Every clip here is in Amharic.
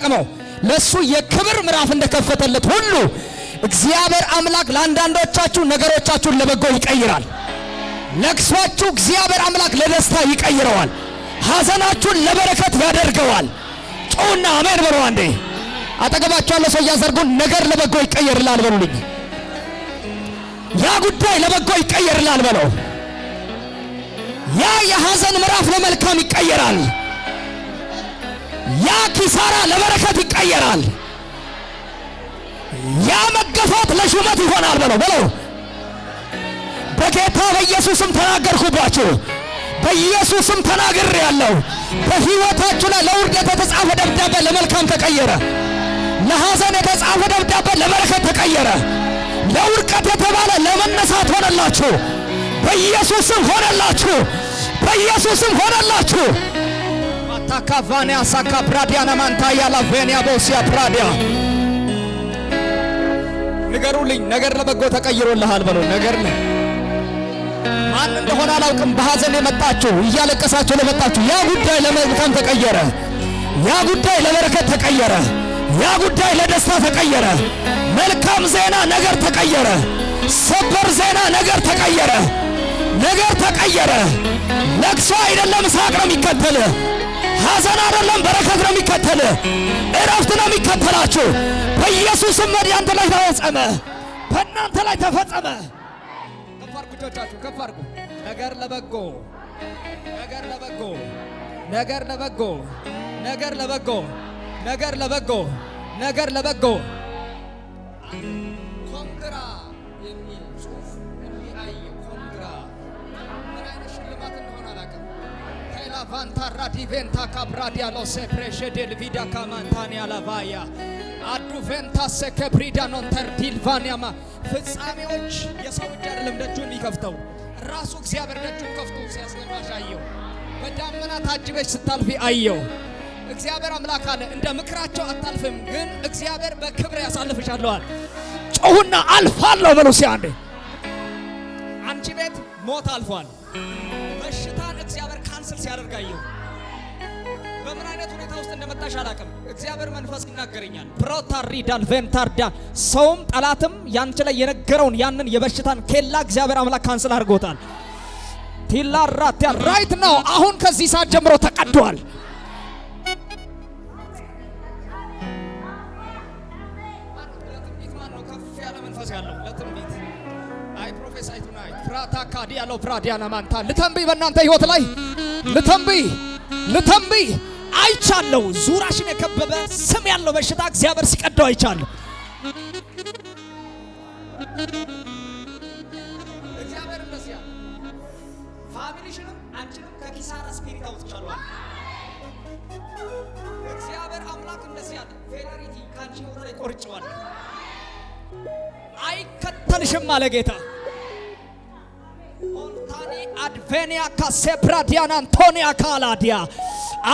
የሚጠቅመው ለሱ የክብር ምዕራፍ እንደከፈተለት ሁሉ እግዚአብሔር አምላክ ለአንዳንዶቻችሁ ነገሮቻችሁን ለበጎ ይቀይራል። ለቅሷችሁ እግዚአብሔር አምላክ ለደስታ ይቀይረዋል። ሐዘናችሁን ለበረከት ያደርገዋል። ጮና አሜን በሉ አንዴ። አጠገባችሁ ያለ ሰው እያዘርጉን ነገር ለበጎ ይቀየርላል በሉልኝ። ያ ጉዳይ ለበጎ ይቀየርላል በለው። ያ የሐዘን ምዕራፍ ለመልካም ይቀየራል። ያ ኪሳራ ለበረከት ይቀየራል። ያ መገፋት ለሹመት ይሆናል። በለው በለው፣ በጌታ በኢየሱስም ተናገርኩባችሁ፣ በኢየሱስም ተናግሬ ያለው በሕይወታችሁ ላይ ለውርደት የተጻፈ ደብዳቤ ለመልካም ተቀየረ። ለሐዘን የተጻፈ ደብዳቤ ለበረከት ተቀየረ። ለውርቀት የተባለ ለመነሳት ሆነላችሁ። በኢየሱስም ሆነላችሁ። በኢየሱስም ሆነላችሁ። ታካቫኔ ሳካ ፕራዲያና ማንታያ ላቬኒያ ቦሲያ ፕራዲያ ንገሩልኝ። ነገር ለበጎ ተቀይሮልሃል በሉ። ነገር ማን እንደሆነ አላውቅም። በሐዘን የመጣችሁ እያለቀሳችሁ ለመጣችሁ ያ ጉዳይ ለመልካም ተቀየረ። ያ ጉዳይ ለበረከት ተቀየረ። ያ ጉዳይ ለደስታ ተቀየረ። መልካም ዜና ነገር ተቀየረ። ሰበር ዜና ነገር ተቀየረ። ነገር ተቀየረ። ለቅሶ አይደለም ሳቅ ነው የሚከተልህ። ሐዘን አይደለም፣ በረከት ነው የሚከተል፣ እረፍት ነው የሚከተላችሁ። በኢየሱስም መድያንተ ላይ ተፈጸመ፣ በእናንተ ላይ ተፈጸመ። ከፍ አድርጉ፣ ነገር ለበጎ ነገር ለበጎ ነገር ለበጎ ነገር ለበጎ ነገር ለበጎ ነገር ለበጎ ኮንግራ ቫንታራ ዲቬንታ ካብራዲያሎ ሴፕሬሸዴል ቪዳ ካማንታኒያ ላቫያ አዱቬንታ ሴከብሪዳ ኖንተር ዲልቫኒያማ ፍጻሜዎች የሰው እጅ አይደለም ደጁን የሚከፍተው ራሱ እግዚአብሔር ደጁን ከፍቶ ሲያስገባሽ አየው። በዳመና ታጅበሽ ስታልፊ አየው። እግዚአብሔር አምላክ አለ እንደ ምክራቸው አታልፍም፣ ግን እግዚአብሔር በክብር ያሳልፍሻለዋል። ጮሁና አልፋለሁ በሉ ሲያንዴ አንቺ ቤት ሞት አልፏል። ሲያደርግ አየሁ። በምን አይነት ሁኔታ ውስጥ እንደመጣሽ አላቅም። እግዚአብሔር መንፈስ ይናገረኛል። ፕሮታሪዳል ቬንታርዳ ሰውም ጠላትም ያንቺ ላይ የነገረውን ያንን የበሽታን ኬላ እግዚአብሔር አምላክ ካንስል አድርጎታል። ቲላራት ራይት ነው። አሁን ከዚህ ሰዓት ጀምሮ ተቀዷል። ከፍ ያለ መንፈስ ያለው ለትንቢት ፍራታ ካዲ ያለው ፍራዲያና ማንታ ልተንብይ በእናንተ ህይወት ላይ ልተንብይ ልተንብይ አይቻለሁ። ዙራሽን የከበበ ስም ያለው በሽታ እግዚአብሔር ሲቀደው አይቻለሁ። እግዚአብሔር እንደዚህ ያለ ፋሚሊሽንም አንቺንም ከኪሳራ ስፒሪት አውጥቻለሁ። እግዚአብሔር አምላክ እንደዚህ ያለ ፌደሪቲ ከአንቺ ህይወት ላይ ቆርጬዋለሁ። አይከተልሽም አለ ጌታ አድቬኒያ ካሴፕራዲያን አንቶኒያ ካላዲያ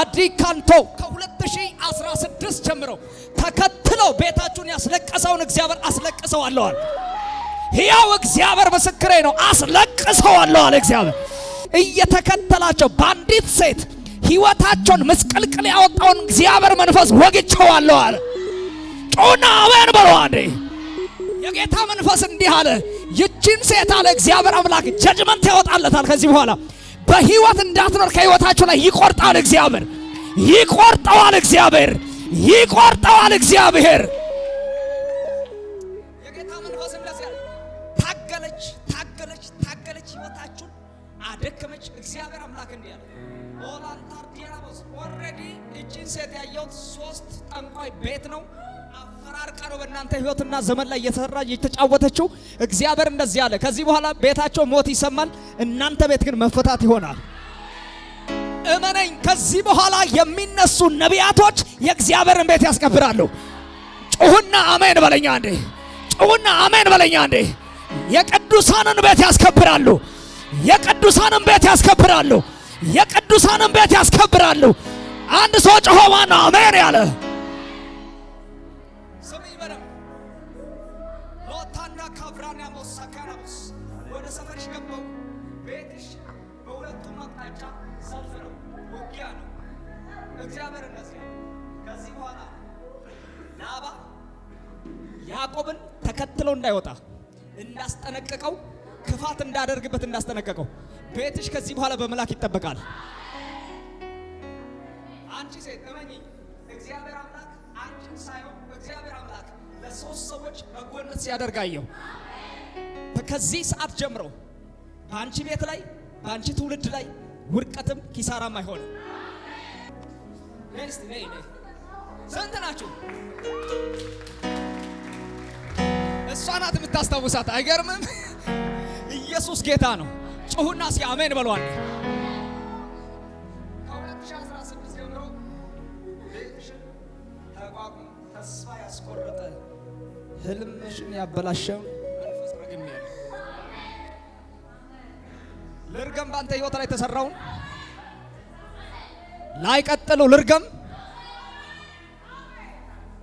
አዲካንቶ ከ2016 ጀምሮ ተከትለው ቤታችሁን ያስለቀሰውን እግዚአብሔር አስለቅሰዋለዋል። ሕያው እግዚአብሔር ምስክሬ ነው። አስለቅሰዋለዋል። እግዚአብሔር እየተከተላቸው በአንዲት ሴት ሕይወታቸውን ምስቅልቅል ያወጣውን እግዚአብሔር መንፈስ ወግቸዋለዋል። ጮና አሜን በለዋል። የጌታ መንፈስ እንዲህ አለ ይችን ሴት አለ እግዚአብሔር አምላክ ጀጅመንት ያወጣለታል። ከዚህ በኋላ በህይወት እንዳትኖር ከህይወታችሁ ላይ ይቆርጣል እግዚአብሔር፣ ይቆርጠዋል እግዚአብሔር፣ ይቆርጠዋል እግዚአብሔር። የጌታ መንፈስ ታገለች፣ ታገለች፣ ታገለች፣ ህይወታችሁን አደከመች። እግዚአብሔር አምላክ እንዲህ ኦላንታር ዲያቦስ ኦልሬዲ ሴት ያየሁት ሶስት ጠንቋይ ቤት ነው ተራርቃ ነው በእናንተ ህይወትና ዘመን ላይ እየተሰራ እየተጫወተችው። እግዚአብሔር እንደዚህ አለ፣ ከዚህ በኋላ ቤታቸው ሞት ይሰማል፣ እናንተ ቤት ግን መፈታት ይሆናል። እመነኝ፣ ከዚህ በኋላ የሚነሱ ነቢያቶች የእግዚአብሔርን ቤት ያስከብራሉ። ጩሁና አሜን በለኛ እንዴ! ጩሁና አሜን በለኛ እንዴ! የቅዱሳንን ቤት ያስከብራሉ። የቅዱሳንን ቤት ያስከብራሉ። የቅዱሳንን ቤት ያስከብራሉ። አንድ ሰው ጮሆ ማነው አሜን ያለ? ተከትሎ እንዳይወጣ እንዳስጠነቀቀው ክፋት እንዳደርግበት እንዳስጠነቀቀው ቤትሽ ከዚህ በኋላ በመላክ ይጠበቃል። አንቺ ሴት እመኚኝ፣ እግዚአብሔር አምላክ አንቺን ሳይሆን እግዚአብሔር አምላክ ለሶስት ሰዎች በጎነት ሲያደርጋየው ከዚህ ሰዓት ጀምሮ በአንቺ ቤት ላይ በአንቺ ትውልድ ላይ ውድቀትም ኪሳራም አይሆንም። ስንት ናችሁ? እሷ ናት የምታስታውሳት። አይገርምም? ኢየሱስ ጌታ ነው። ጩሁና እስኪ አሜን በሏል። ተስፋ ያስቆረጠ ህልምሽን ያበላሸው መንፈስ ረግም ያለ ልርገም። በአንተ ህይወት ላይ የተሰራውን ላይ ቀጥለው ልርገም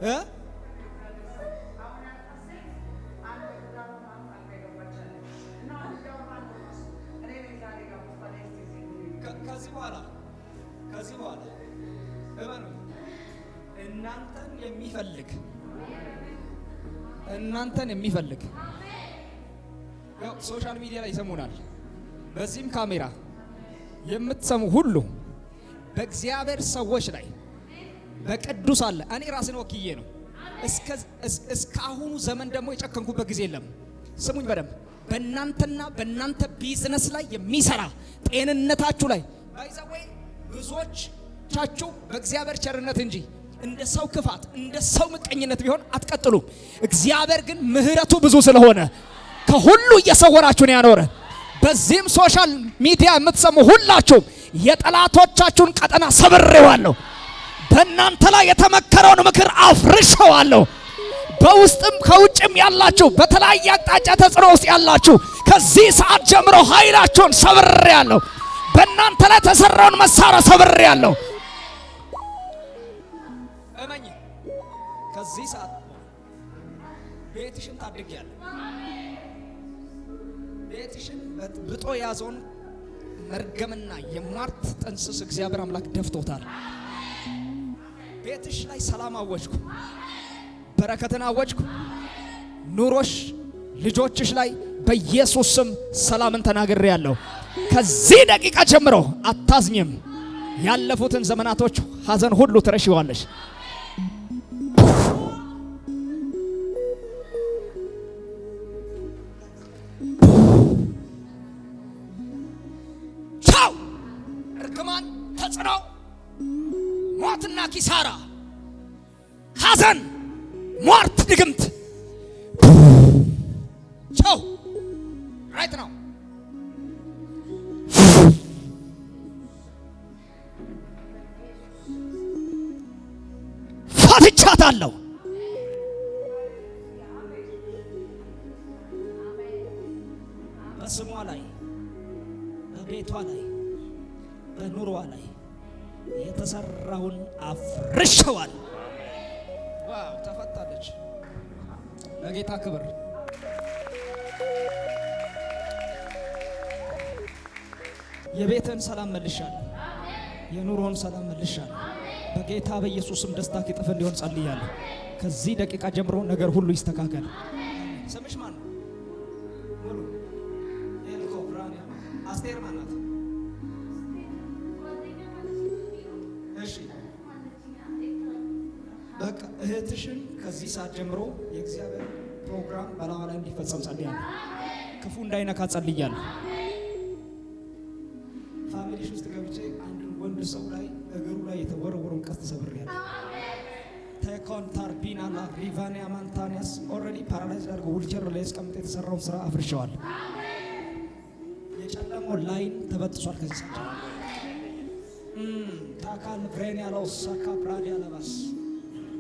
እ የሚፈልግ እናንተን የሚፈልግ ሶሻል ሚዲያ ላይ ይሰሙናል። በዚህም ካሜራ የምትሰሙ ሁሉ በእግዚአብሔር ሰዎች ላይ በቅዱስ አለ። እኔ ራስን ወክዬ ነው። እስከ ዘመን ደግሞ የጨከንኩበት ጊዜ የለም። ስሙኝ በደንብ በእናንተና በእናንተ ቢዝነስ ላይ የሚሰራ ጤንነታችሁ ላይ ባይዘወይ ብዙዎቻችሁ በእግዚአብሔር ቸርነት እንጂ እንደ ሰው ክፋት፣ እንደ ሰው ምቀኝነት ቢሆን አትቀጥሉም። እግዚአብሔር ግን ምሕረቱ ብዙ ስለሆነ ከሁሉ እየሰወራችሁን ያኖረ። በዚህም ሶሻል ሚዲያ የምትሰሙ ሁላችሁም የጠላቶቻችሁን ቀጠና ሰብሬዋለሁ። በእናንተ ላይ የተመከረውን ምክር አፍርሸዋለሁ። በውስጥም ከውጭም ያላችሁ በተለያየ አቅጣጫ ተጽዕኖ ውስጥ ያላችሁ ከዚህ ሰዓት ጀምሮ ኃይላችሁን ሰብሬያለሁ። በእናንተ ላይ የተሰራውን መሳሪያ ሰብሬያለሁ። በዚህ ሰዓት ቤትሽን ታድጊያለሽ። ቤትሽን ብጦ የያዘውን መርገምና የሟርት ጥንስስ እግዚአብሔር አምላክ ደፍቶታል። ቤትሽ ላይ ሰላም አወጅኩ፣ በረከትን አወጅኩ። ኑሮሽ፣ ልጆችሽ ላይ በኢየሱስ ስም ሰላምን ተናግሬ ያለሁ። ከዚህ ደቂቃ ጀምሮ አታዝኝም። ያለፉትን ዘመናቶች ሀዘን ሁሉ ትረሽዋለሽ። ተጽዕኖ፣ ሞትና ኪሳራ፣ ሐዘን፣ ሟርት፣ ድግምት ቸው ራይት ነው። ፈትቻታለሁ። በስሟ ላይ በቤቷ ላይ የተሰራውን አፍርሸዋል። ዋው ተፈታለች። ለጌታ ክብር የቤትን ሰላም መልሻል። የኑሮን ሰላም መልሻል። በጌታ በኢየሱስም ደስታ ይጠፍ እንዲሆን ጸልያለሁ። ከዚህ ደቂቃ ጀምሮ ነገር ሁሉ ይስተካከል። ስምሽ ማን በቃ እህትሽን ከዚህ ሰዓት ጀምሮ የእግዚአብሔር ፕሮግራም በላዋ ላይ እንዲፈጸም ጸልያለሁ። ክፉ እንዳይነካ ጸልያለሁ። ፋሚሊሽ ውስጥ ገብቼ አንድን ወንድ ሰው ላይ እግሩ ላይ የተወረወረውን ቀስት ተሰብሬያለሁ። ተኮንታር ቢናና ሪቫኒያ ማንታኒያስ ኦልሬዲ ፓራላይዝ አድርጎ ውልቸር ላይ እስቀምጥ የተሰራውን ስራ አፍርሸዋል። የጨለመው ላይን ተበጥሷል። ከዚህ ሰዓት ታካል ብሬን ያለው ሳካ ብራድ ያለባስ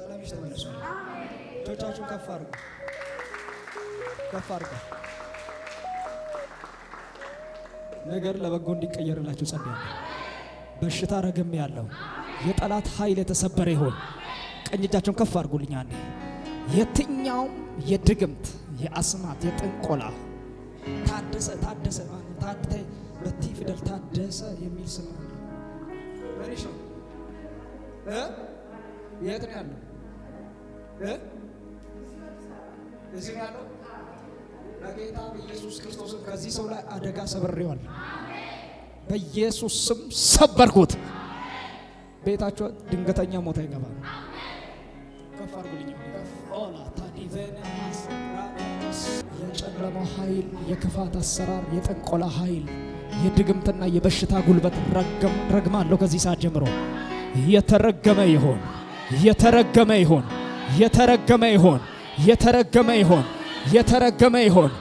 እጆቻችሁን ከፍ አድርጉ፣ ከፍ አድርጉ። ነገር ለበጎ እንዲቀየርላችሁ ጸልያለሁ። በሽታ ረግም ያለው የጠላት ኃይል የተሰበረ ይሆን። ቀኝ እጃቸውን ከፍ አድርጉልኝ። አንዴ የትኛውም የድግምት የአስማት የጥንቆላ ታደሰ ታደሰ ታደ በቲ ፊደል ታደሰ የሚል ስም ነው የት ነው ያለው? እዚህ ነው ያለው። በጌታ በኢየሱስ ክርስቶስ ከዚህ ሰው ላይ አደጋ ሰብሬዋል። በኢየሱስ ስም ሰበርኩት። ቤታቸው ድንገተኛ ሞት አይገባም። ከፍ አድርጉልኝ። የጨለማው ኃይል፣ የክፋት አሰራር፣ የጠንቆላ ኃይል፣ የድግምትና የበሽታ ጉልበት ረግማለሁ ከዚህ ሰዓት ጀምሮ የተረገመ ይሆን የተረገመ ይሆን፣ የተረገመ ይሆን፣ የተረገመ ይሆን፣ የተረገመ ይሆን።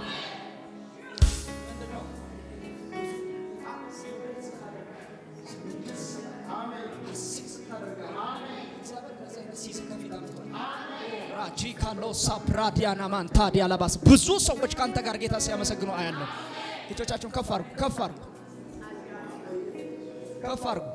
ሳፕራዲያና ማንታዲ አላባስ ብዙ ሰዎች ከአንተ ጋር ጌታ ሲያመሰግኑ አያለሁ። እጆቻችሁን ከፍ አድርጉ፣ ከፍ ከፍ አድርጉ።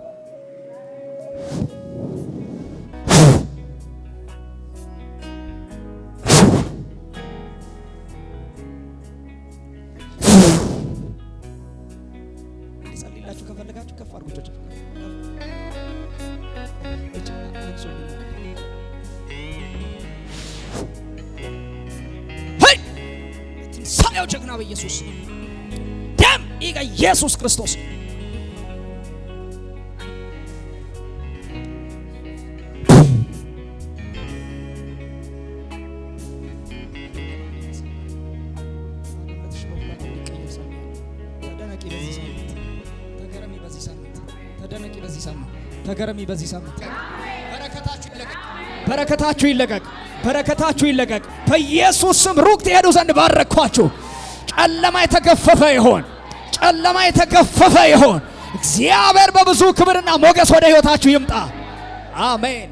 የጸለየው ጀግናው ኢየሱስ ደም ይገ ኢየሱስ ክርስቶስ ተገረሚ በዚህ ሳምንት በረከታችሁ ይለቀቅ፣ በረከታችሁ ይለቀቅ። በኢየሱስ ስም ሩቅ ትሄዱ ዘንድ ባረኳችሁ። ጨለማ የተገፈፈ ይሆን፣ ጨለማ የተገፈፈ ይሆን። እግዚአብሔር በብዙ ክብርና ሞገስ ወደ ህይወታችሁ ይምጣ። አሜን።